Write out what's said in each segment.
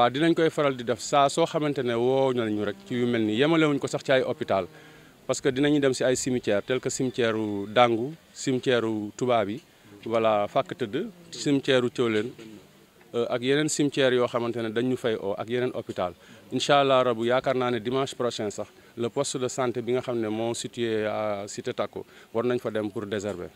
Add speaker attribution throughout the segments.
Speaker 1: pas dinañ koy faral di def sa so xamantene ne woo na rek ci yu melni ni wuñ ko sax ci ay hôpital parce que dinañu dem ci ay cimetière tel que cimetière Dangu cimetière u Touba bi voilà fàkk tëdd cimetière u Thiolène euh, ak yenen cimetière yo xamantene dañu fay oo ak yenen hôpital inshallah rabu dimanche prochain sax le poste de santé bi nga xamné ne situé à Cité Tako war nañ fa dem pour désherber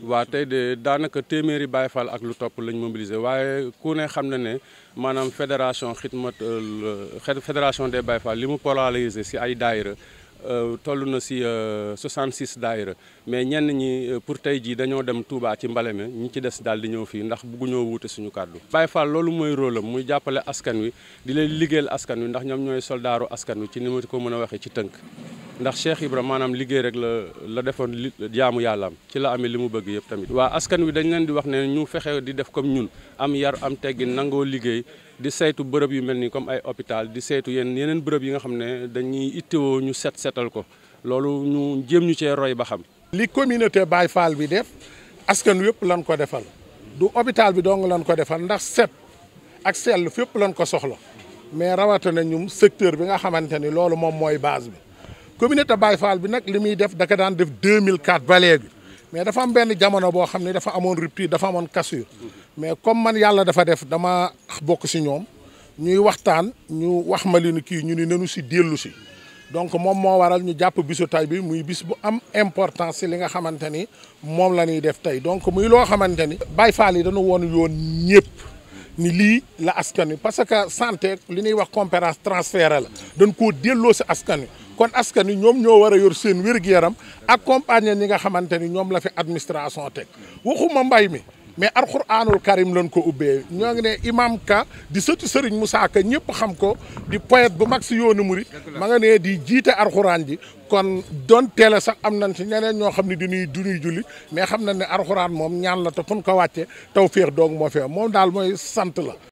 Speaker 1: waa tey de daanaka téeméeri Baye ak lu topp lañ mobilisé waaye ku ne xam na ne maanaam fédération xidmat euh, fédération des Baye li mu polarisé si ay daayira euh, toll na euh, si 66 daayira mais ñenn ñi pour tey jii dañoo dem Touba ci Mbaleme ñi ci des daal di ñëw fii ndax bëgguñoo wute suñu kàddu. Baye Fall loolu mooy rôle muy jàppale askan wi di leen liggéeyal askan wi ndax ñoom ñooy soldaaru askan wi ci ni ma ko mën a waxee ci tënk. ndax Cheikh Ibra maanaam liggéey rek la la defoon li jaamu am ci la amee li mu bëgg yëpp tamit waa askan wi dañ leen di wax ne ñu fexe di def comme ñun am yar am teggin nangoo liggéey di saytu bërëb yi mel nii comme ay hôpital di saytu yenn yeneen bërëb yi nga xam ne dañuy ittewoo ñu set setal ko loolu ñu jéem ñu cee roy ba xam
Speaker 2: li communauté Baye Fall bi def askan wi yëpp lan ko defal du hôpital bi dong lan ko defal ndax set ak sell fépp lan ko soxla bi nga xamante ni loolu bi communauté Baye Fall bi nag li muy def daka ka daan def 2004 ba léegi mais dafa am benn jamono boo xam ne dafa amoon rupture dafa amoon cassure mais comme man yàlla dafa def dama bokk si ñoom ñuy waxtaan ñu wax ma li kii ñu ni nenu si déllu si donc moom moo waral ñu jàpp bisu tay bi muy bis bu am importance si li nga xamante ni moom la ñuy def tey donc muy loo xamante ni Baye Fall yi dañu woon yoon ñëpp ni lii la askan parce que santé li ñuy wax compétence transférée la dañ koo delloo si askan wi kon askan wi ñoom ñoo war a yor seen wér-gu-yaram accompagner ñi nga xamante ni ñoom la fi administration teg waxuma mbay mi mais alxuraanul karim lañ ko ubbee ñoo ngi ne imam ka di sëtu sëriñ Moussa Ka ñëpp xam ko di poète bu mag si yoonu murit ma nga ne di jiite alxuraan ji kon doon teel a sax am nañ si ñeneen ñoo xam ne duñuy duñuy julli mais xam nañ ne alxuraan moom ñaan la te fu ñu ko wàcce taw féex doog moo fi moom daal mooy sant la